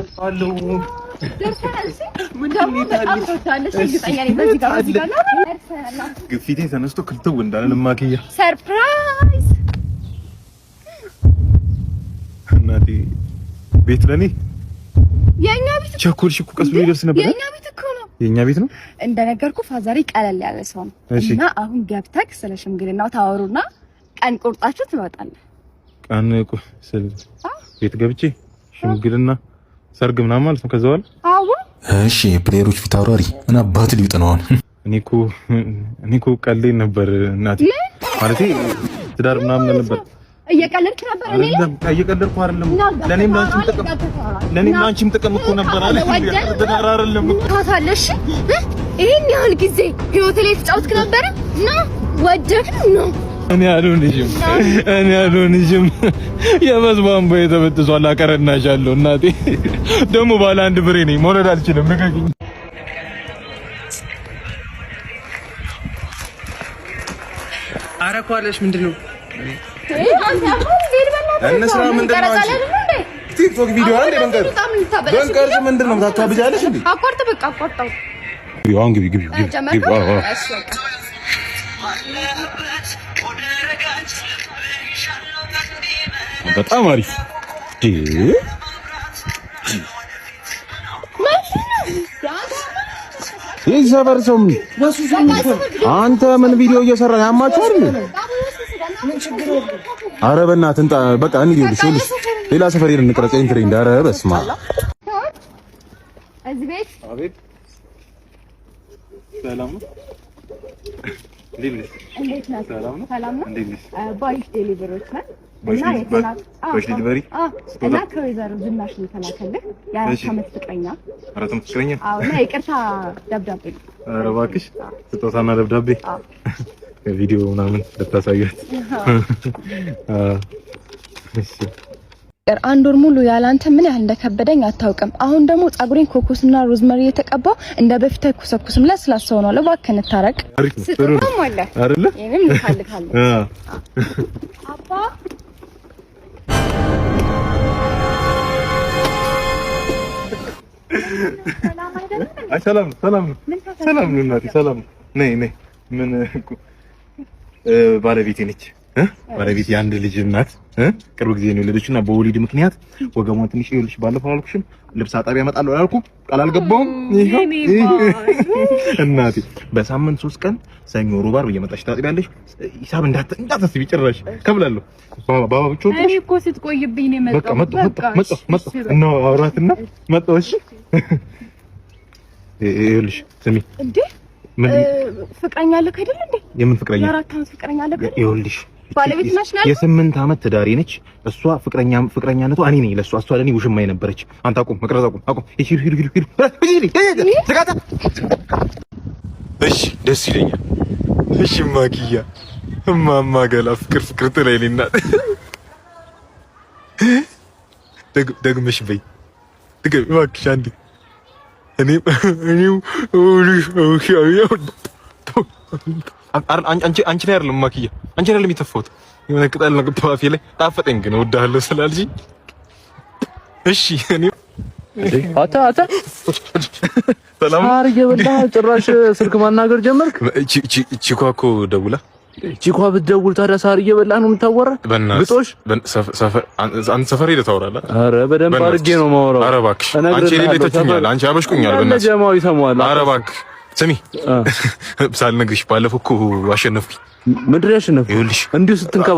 ደርሳለሁ። ግፊቴ ተነስቶ ክልትው እንዳለ ልማክያ ሰርፕራይዝ እናቴ ቤት ለኔ የኛ ቤት ቸኮልሽ እኮ ቀስ ብሎ ይደርስ ነበር። የኛ ቤት እኮ ነው፣ የኛ ቤት ነው እንደነገርኩ። ፋዛሪ ቀለል ያለ ሰው ነው እና አሁን ገብተክ ስለ ሽምግልናው ታወሩና ቀን ቁርጣችሁ ትመጣለህ። ቀን ቤት ገብቼ ሽምግልና ሰርግ ምናምን ማለት ነው። ከዛ በኋላ እሺ፣ ፕሌየሮች ፊት አውራሪ ምን አባት ሊውጥ ነው አሁን? እኔ እኮ ቀልዴን ነበር እናቴ፣ ማለት ትዳር ምናምን ነበር እየቀለድክ ነበር። እኔ እየቀለድኩ አይደለም። ለኔም ላንቺም ጥቅም ለኔም ላንቺም ጥቅም እኮ ነበር አለ። ትዳር አይደለም ታታለሽ። ይሄን ያህል ጊዜ ህይወቴ ላይ ተጫወትክ ነበር እና ወደድክ ነው እኔ አልሆንሽም፣ እኔ አልሆንሽም። የበዝ በይ ተበጥሷል። አቀረናሻለሁ። እናቴ ደግሞ ባለ አንድ ብሬ ነኝ። መውለድ አልችልም። ልቀቂኝ። አረኳለሽ። ምንድን ነው እንስራ? ቲክቶክ ቪዲዮ አንዴ መንቀር መንቀር ምንድን ነው ታታብጃለሽ እንዴ? አቋርጥ፣ በቃ አቋርጣው። ግቢ፣ ግቢ፣ ግቢ፣ በጣም አሪፍ ዲ ይህ ሰፈር ሰው አንተ ምን ቪዲዮ እየሰራ ያማችሁ አይደል? አረ በእናትህ እንጣ በቃ እንዴ ልሽ ሌላ ሰፈር ሄደን እንትሪ ትሬንድ አረ በስማ እዚህ ቤት አቤት፣ ሰላም ነው። እንዴት ነህ? ሰላም ነው። ሰላም ነው። ባሪፍ ዴሊቨሮች ነን በሽሊበሪ እና ከወይዘሮ ዝናሽ የተላከልህ የአራት ዓመት ፍቅረኛ አራት ዓመት ፍቅረኛ እና ይቅርታ ደብዳቤ ኧረ እባክሽ ስጦታና ደብዳቤ ቪዲዮ ምናምን ልታሳያት። አንድ ወር ሙሉ ያላንተ ምን ያህል እንደከበደኝ አታውቅም። አሁን ደግሞ ጸጉሬን ኮኮስና ሮዝመሪ የተቀባው እንደ በፊት አይኮሰኩስም። ለስላሳ ሆኗል። እባክህ እንታረቅ። ስጦታም አለ አይደል? ይሄንም ልካልካለሁ አባ አይ ሰላም ሰላም ሰላም ነው እናቴ፣ ሰላም ነይ ነይ። ምን ባለቤቴ ነች ባለቤት የአንድ ልጅ እናት ቅርብ ጊዜ ነው የወለደችው እና በወሊድ ምክንያት ወገቧን ትንሽ ይኸውልሽ፣ ባለፈው አላልኩሽም ልብስ አጣቢ ያመጣለሁ አላልኩም? ቃል አልገባሁም? እናቴ በሳምንት ሶስት ቀን ሰኞ፣ ሮብ፣ ዓርብ እየመጣሽ ታጥቢያለሽ። ሂሳብ እንዳታስቢ ጭራሽ ከብላለሁ። ባባ ብቻ ወጣሽ እኮ ስትቆይብኝ ነው የመጣው። በቃ መጣሁ መጣሁ መጣሁ እና አውራትና መጣሁ። እሺ ይኸውልሽ ስሚ እንዴ፣ ምን ፍቅረኛ አለህ አይደል እንዴ? የምን ፍቅረኛ? የአራት ዓመት ፍቅረኛ አለህ አይደል? ይኸውልሽ ባለቤት የስምንት ዓመት ትዳሬ ነች። እሷ ፍቅረኛ ፍቅረኛነቷ እኔ ነኝ ለእሷ፣ እሷ ለእኔ ውሽማ የነበረች። አንተ አቁም፣ መቅረጽ አቁም፣ አቁም። እሺ ደስ ይለኛል። እሺ ማኪያ እማማ ገላ ፍቅር ፍቅር ትለይ ደግመሽ በይ ድገሚ እባክሽ አንዴ እኔም እኔም አንቺ አንቺ ላይ አይደለም ማክዬ፣ አንቺ ላይ አይደለም የተፋሁት። የሆነ ቅጠል ነው አፌ ላይ ጣፈጠኝ፣ ግን እወድሃለሁ ስላልሽኝ እሺ እኔ አታ አታ ሰላም አርገበላ ጭራሽ ስልክ ማናገር ጀመርክ። እቺ እቺ እቺ ኳኮ ደውላ ቺኳ ብትደውል ታዲያ ሳር እየበላህ ነው የምታወራ? ግጦሽ አንተ ሰፈር ሄደህ ታወራለህ? ኧረ በደንብ አድርጌ ነው የማወራው። ኧረ እባክህ አንቺ ሌላ አንቺ አበሽቁኛል። በእናትህ ጀማው ይሰማዋል። ኧረ እባክህ ስሚ ሳልነግርሽ ባለፈው እኮ አሸነፍኩኝ። ምንድን ያሸነፍኩኝ? ይኸውልሽ እንዲሁ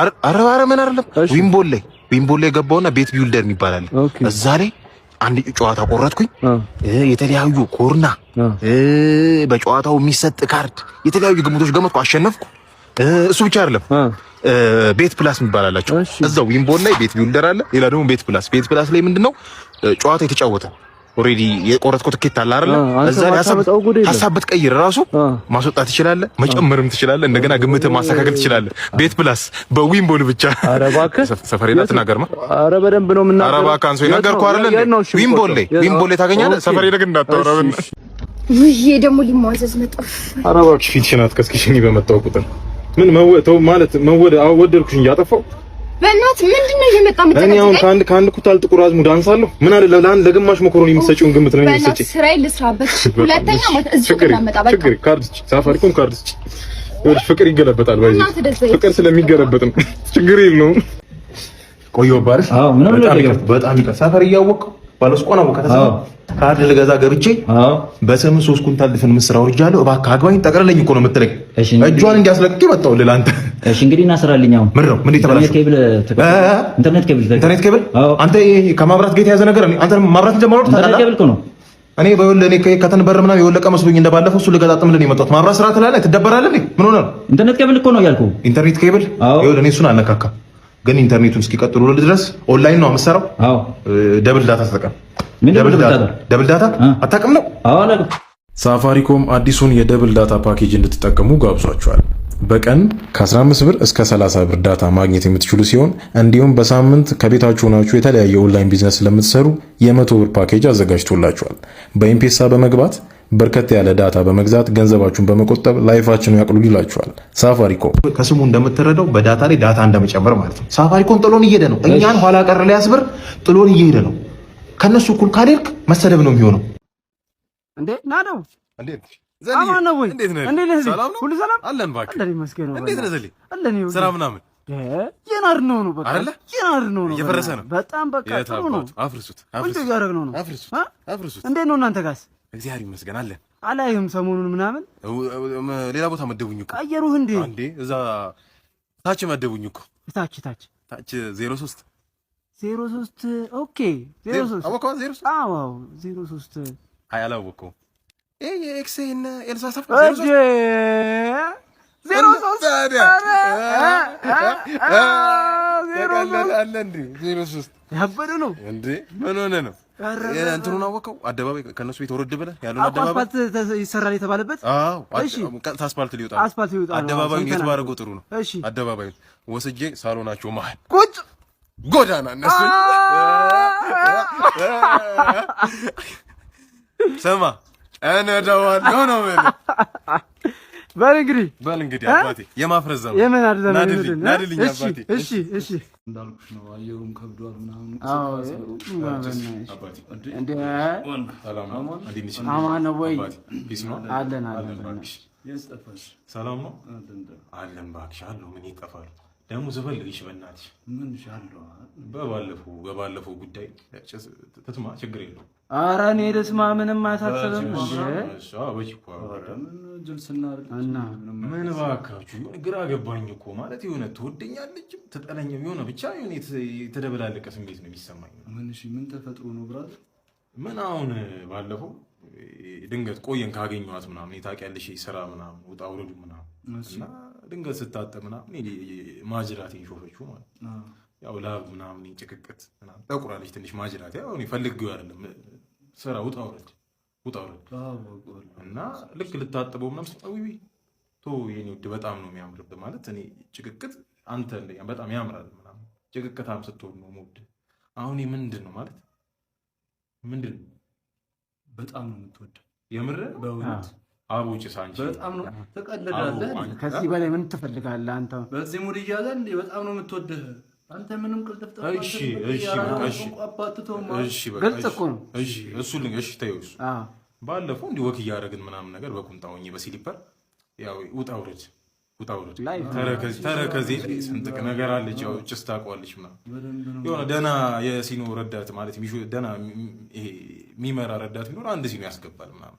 አረ አረ ምን አይደለም ዊምቦል ላይ ዊምቦል ላይ ገባውና ቤት ቢውልደር የሚባላል እዛ ላይ አንድ ጨዋታ ቆረጥኩኝ። የተለያዩ ኮርና በጨዋታው የሚሰጥ ካርድ የተለያዩ ግምቶች ገመጥኩ፣ አሸነፍኩ። እሱ ብቻ አይደለም ቤት ፕላስ የሚባላላቸው እዛው ዊምቦል ላይ ቤት ቢውልደር አለ። ሌላ ደግሞ ቤት ፕላስ ቤት ፕላስ ላይ ምንድነው ጨዋታ የተጫወተ ኦሬዲ የቆረጥኩት ትኬት አለ አይደል? እዛ ላይ ሀሳብ ብትቀይር ራሱ ማስወጣት ትችላለህ፣ መጨመርም ትችላለህ፣ እንደገና ግምት ማስተካከል ትችላለህ። ቤት ፕላስ በዊምቦል ብቻ ሰፈሬ ላይ አትናገርማ። ኧረ በደንብ ነው የምናገረው። ኧረ እባክህ አንሶ ነገርኩህ አይደል? ዊምቦል ላይ ዊምቦል ላይ ታገኛለህ። ሰፈሬ ላይ ግን እንዳታወራ። ይሄ ደግሞ ሊሟዘዝ መጣሁ። ኧረ እባክሽ ፊትሽን አትቀስቅሽኝ። በመጣሁ ቁጥር ምን ማለት መወደድኩሽ እንጂ አጠፋሁ በእናት ምንድነው እየመጣ እኔ አሁን ከአንድ ከአንድ ኩታል ጥቁር አዝሙድ አንሳለሁ። ምን አለ ለአንድ ለግማሽ መኮሮኒ የምትሰጪውን ግምት ነው የምትሰጪኝ? ሳፋሪኮም ካርድ ፍቅር ይገለበጣል። ፍቅር ስለሚገለበጥ ነው ችግር የለውም። ቆየሁ በጣም ይቀር ሳፈር እያወቅሁ ባለስቆና ቦታ ተሰማ ካርድ ልገዛ ገብቼ በስምህ ሶስት ኩንታል ድፍን ምስር አውርጃለሁ፣ እባክህ አግባኝ ጠቅልለኝ እኮ ነው የምትለኝ። እጇን እንዲያስለቅቄ መጣሁ ልልህ አንተ። እሺ እንግዲህ እናስራልኝ። አሁን ምን ነው ምን ተበላሽ? ኢንተርኔት ኬብል ኢንተርኔት ኬብል አንተ ከማብራት ጋር የተያዘ ነገር አንተ ማብራት ጀማሮት ኢንተርኔት ኬብል እኮ ነው እኔ በወለ እኔ ከተን በር ምናምን የወለቀ መስሎኝ እንደባለፈው እሱ ልገጣጥምልን የመጣሁት ማብራት ስራ ትላለህ፣ ትደበራለህ። ምን ሆነ ነው ኢንተርኔት ኬብል እኮ ነው ያልኩህ። ኢንተርኔት ኬብል ይኸውልህ እኔ እሱን አልነካካም ግን ኢንተርኔቱን እስኪቀጥሉ ድረስ ኦንላይን ነው የምትሰራው? አዎ። ደብል ዳታ ተጠቀም። ደብል ዳታ አታውቅም ነው? አዎ። ሳፋሪኮም አዲሱን የደብል ዳታ ፓኬጅ እንድትጠቀሙ ጋብዟቸዋል። በቀን ከ15 ብር እስከ 30 ብር ዳታ ማግኘት የምትችሉ ሲሆን እንዲሁም በሳምንት ከቤታችሁ ሆናችሁ የተለያየ ኦንላይን ቢዝነስ የ የመቶ ብር ፓኬጅ አዘጋጅቶላችኋል። በኤምፔሳ በመግባት በርከት ያለ ዳታ በመግዛት ገንዘባችሁን በመቆጠብ ላይፋችን ያቅሉ ይላችኋል። ሳፋሪኮም ከስሙ እንደምትረዳው በዳታ ላይ ዳታ እንደመጨመር ማለት ነው። ሳፋሪኮም ጥሎን እየሄደ ነው። እኛን ኋላ ቀር ሊያስብር ጥሎን እየሄደ ነው። ከነሱ እኩል ካልሄድክ መሰደብ ነው የሚሆነው። እንዴ ናደው እንዴት ነው ወይ? እንዴት ነህ? ሁሉ ሰላም አለን። እባክህ አለን ይመስገን እንዴት ነህ? አለን ይሁን ስራ ምናምን የናር ነው ነው በቃ አይደለ? የናር ነው ነው ነው በጣም በቃ ጥሩ ነው። አፍርሱት አፍርሱት ነው አፍርሱት አፍርሱት። እንዴት ነው እናንተ እግዚአብሔር ይመስገን አለን። አላየሁም ሰሞኑን ምናምን ሌላ ቦታ መደቡኝ እኮ እንዴ? እንዴ እዛ ታች መደቡኝ እኮ ታች ታች ታች ዜሮ ሶስት ዜሮ ሶስት ኦኬ ዜሮ ሶስት አወቀው ዜሮ ሶስት አዎ ዜሮ ሶስት አይ አላወቀውም። ይሄ ኤልሳ ሰፈር ዜሮ ሶስት ዜሮ ሶስት ዜሮ ሶስት ያበደ ነው እንዴ? ምን ሆነ ነው እንትኑን አወቀው አደባባይ ከነሱ ቤት ወረድ ብለህ ያለውን አደባባይ አስፋልት ይሰራል የተባለበት አስፋልት ሊወጣ አስፋልት አደባባዩን የት ባደረገው ጥሩ ነው። እሺ አደባባዩን ወስጄ ሳሎናቸው መሀል ቁጭ ጎዳና እነሱ ስማ እነዳዋለሁ ነው በል እንግዲህ በል እንግዲህ አባቴ የማፍረዝ ዘመን የምን አይደለም ናድልኝ አባቴ። እሺ እሺ እንዳልኩሽ ነው። አየሩም ከብዷል ምናምን። አዎ አማን ወይ አለን አለን። ሰላም ነው አለን። እባክሽ አለው ምን ይጠፋል ደግሞ ስፈልግሽ በእናትሽ በባለፈው በባለፈው ጉዳይ ትስማ፣ ችግር የለው። ኧረ እኔ ልስማ፣ ምንም አያሳስብም። ምን እባካችሁ፣ ግራ ገባኝ እኮ ማለት የሆነ ትወደኛለችም ትጠለኝም የሆነ ብቻ የተደበላለቀ ስሜት ነው የሚሰማኝ። ምን ተፈጥሮ ነው ብራት? ምን አሁን ባለፈው ድንገት ቆየን ካገኘኋት ምናምን፣ ታውቂያለሽ፣ ስራ ምናምን ውጣ ውረዱ ምናምን ድንገት ስታጠብ ምናምን ማጅራት ሾፈች ማለት ያው ላብ ምናምን ጭቅቅት ጠቁራለች ትንሽ ማጅራት ያው ፈልጌው አይደለም ስራ ውጣ ውረድ እና ልክ ልታጥበው ምናምን ስጣዊ ቶ የኔ ውድ በጣም ነው የሚያምርብ ማለት እኔ ጭቅቅት አንተ በጣም ያምራል ምናምን ጭቅቅታም ስትሆን ነው ውድ አሁን ምንድን ነው ማለት ምንድን ነው በጣም ነው የምትወደው የምር በእውነት አቡ ጭሳንቺ በጣም ነው ተቀልዳለህ። ከዚህ በላይ ምን ትፈልጋለህ አንተ? በዚህ ሙድ እያለ በጣም ነው የምትወድህ አንተ። ምንም ቅልጥፍ ጠፋ። እሺ እሱ ልኝ እሺ ተይው። ባለፈው እንዲህ ወክ እያደረግን ምናምን ነገር በቁምጣ ሆኜ በሲሊፐር ያው ውጣ ውረድ ተረከዜ ስንጥቅ ነገር አለች። ያው ጭስ ታውቀዋለች ምናምን የሆነ ደህና የሲኖ ረዳት ማለት ደህና ይሄ የሚመራ ረዳት ቢኖር አንድ ሲኖ ያስገባል ምናምን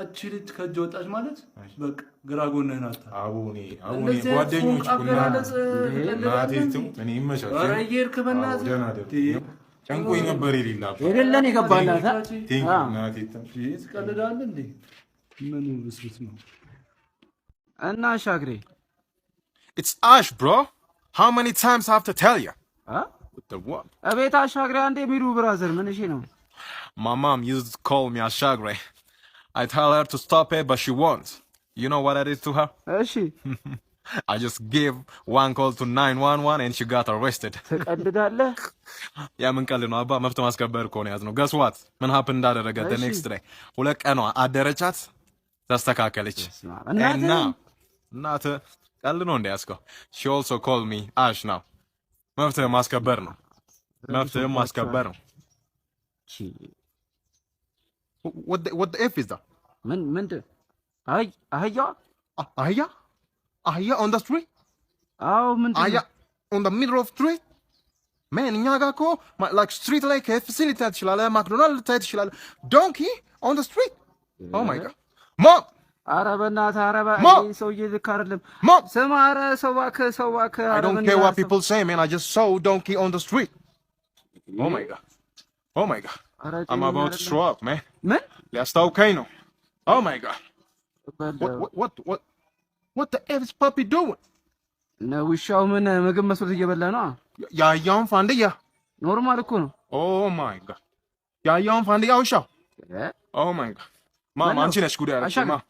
እቺ ልጅ ከእጅ ወጣች ማለት በቃ ግራ ጎንህን አታ አቡኔ አቡኔ ጓደኞች ጨንቆኝ ነበር። የሌላ የሌለን የገባላት ትቀልዳለህ እንዴ? ምኑ ብስብስ ነው? እና ሻግሬ ኢትስ አሽ ብሮ ሃው ማኒ ታይምስ ሃቭ ቱ ቴል ዩ እቤት አሻግሬ አንዴ የሚሉ ብራዘር ምንሽ ነው ማማም ዩዝ ኮል ሚ አሻግሬ I tell her to stop it, but she won't. You know what I did to her? she? I just gave one call to 911 and she got arrested. ተቀልዳለህ? የምን ቀልድ ነው አባ፣ መብት ማስከበር እኮ ነው ያዝነው። ገስ ዋት ምን ሀፕ እንዳደረገ the next day ሁለት ቀኗ And now, እና እናት ቀልድ ነው እንደያዝከው። she also called me Ash now መብት ማስከበር ነው፣ መብት ማስከበር ነው። what the, what the f is that ምን ምንድን አህያ አህያ አህያ ኦን ደ ስትሪት አዎ ምንድን አህያ ኦን ደ ሚድል ኦፍ ስትሪት ሜን እኛ ጋር እኮ ላይክ ስትሪት ላይ ከኤፍሲ ልታይ ትችላለህ ማክዶናልድ ልታይ ትችላለህ ዶንኪ ኦን ደ ስትሪት ኦ ማይ ጋድ ሞም ኧረ በእናትህ ኧረ በእኔ ሰውዬ ልክ አይደለም ስማ ኧረ ሰው እባክህ ሰው እባክህ አይ ዶንት ኬር ዋት ፒፕል ሴይ ሜን አይ ጀስት ሰው ዶንኪ ኦን ደ ስትሪት ኦ ማይ ጋድ ኦ ማይ ጋድ አም አባውት ቱ ስሮ አፕ ሜን ምን ሊያስታውከኝ ነው Oh my god. What, the F is puppy doing? ነው ውሻው ምን ምግብ መስሎት እየበላ ነው? ያያውን ፋንድያ ኖርማል እኮ ነው። ኦ ማይ ጋድ ያያውን ፋንድያ ውሻው። ኦ ማይ ጋድ ማም አንቺ ነሽ ጉድ ያለሽ ማም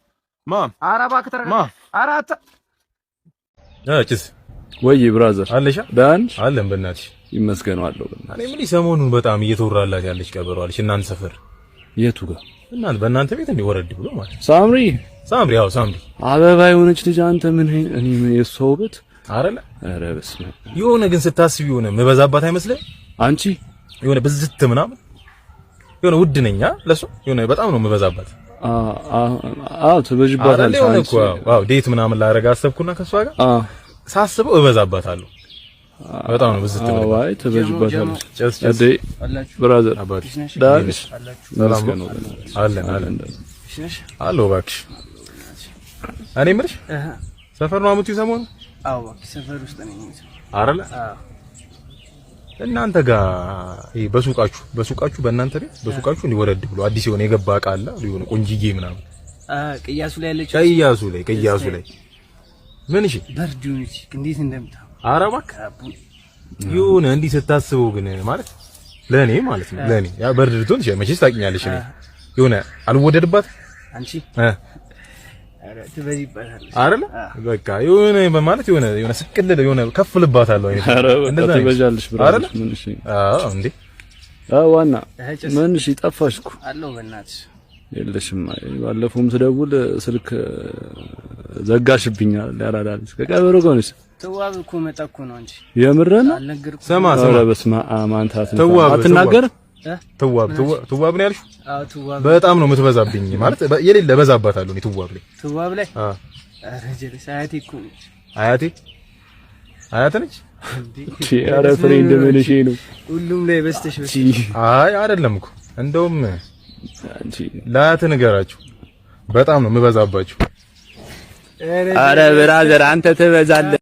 ማም። ኧረ እባክህ ተረጋጋ። ኧረ አታ አችስ ወይ ብራዘር አለሻ ዳንሽ አለን በእናትሽ ይመስገነዋለሁ። እኔ ምን ሰሞኑን በጣም እየተወራላት ያለች ቀበሯለች እናንተ ሰፈር የቱ ጋር እናንተ በእናንተ ቤት እንደ ወረድ ብሎ ማለት ሳምሪ ሳምሪ፣ አዎ ሳምሪ አበባ የሆነች ልጅ አንተ ምን እኔ የእሷ ውበት አይደለ? ኧረ በስመ አብ። የሆነ ግን ስታስብ የሆነ መበዛባት አይመስልህም? አንቺ የሆነ ብዝት ምናምን የሆነ ውድ ነኛ ለሱ የሆነ በጣም ነው መበዛባት። አዎ ትበዥባታለህ። የሆነ እኮ አዎ ዴት ምናምን ላደርግ አሰብኩና ከእሷ ጋር ሳስበው እበዛባታለሁ በጣም ነው ብዝት ነው። አይ ተበጅባታለች። አዴ ብራዘር ዳንሽ አለን አለን አሎ እባክሽ፣ እኔ የምልሽ ሰፈር ነው አሙት ይሰሞን አዎ እባክሽ፣ ሰፈር ውስጥ ነኝ አይደለ? እናንተ ጋር ይሄ በሱቃችሁ በሱቃችሁ በእናንተ ቤት በሱቃችሁ እንዲህ ወረድ ብሎ አዲስ የሆነ የገባ ዕቃ አለ የሆነ ቆንጅዬ ምናምን ቅያሱ ላይ ያለችው ቅያሱ ላይ ቅያሱ ላይ ምን እሺ፣ በርድ እንዴት እንደምታ ኧረ እባክህ የሆነ እንዲህ ስታስበው ግን ማለት ለእኔ ማለት ነው ለእኔ ያ በርድርቶን ሸ መቼስ ታውቂኛለሽ እኔ የሆነ አልወደድባት አንቺ አይደለ በቃ የሆነ በማለት የሆነ የሆነ ስቅልል የሆነ ከፍ ልባታለሁ አይነት እንደዛ ትበዣለሽ ብራ አረ እሺ አዎ እንዴ ዋና ምን እሺ ጠፋሽ አለው በእናትሽ የለሽም ባለፈውም ስደውል ስልክ ዘጋሽብኛ ያላላ ከቀበሮ ጎንሽ ተዋብ እኮ መጣኩ ነው እንጂ የምረን ሰማ ሰማ በስማ አማንታት አትናገር ትዋብ ትዋብ ነው ያልሽ? አዎ ትዋብ በጣም ነው የምትበዛብኝ። ማለት የሌለ በዛባታለሁ ነው ትዋብ ላይ ትዋብ ላይ አረ አዎ አያቴ እኮ ነች። አያቴ አያቴ ነች እንዴ? ኧረ ፍሬ እንደምንሽ ነው ሁሉም ላይ በስተሽ በስተሽ። አይ አይደለም እኮ እንደውም ላት ንገራችሁ። በጣም ነው የምበዛባችሁ። አረ ብራዘር አንተ ትበዛለህ።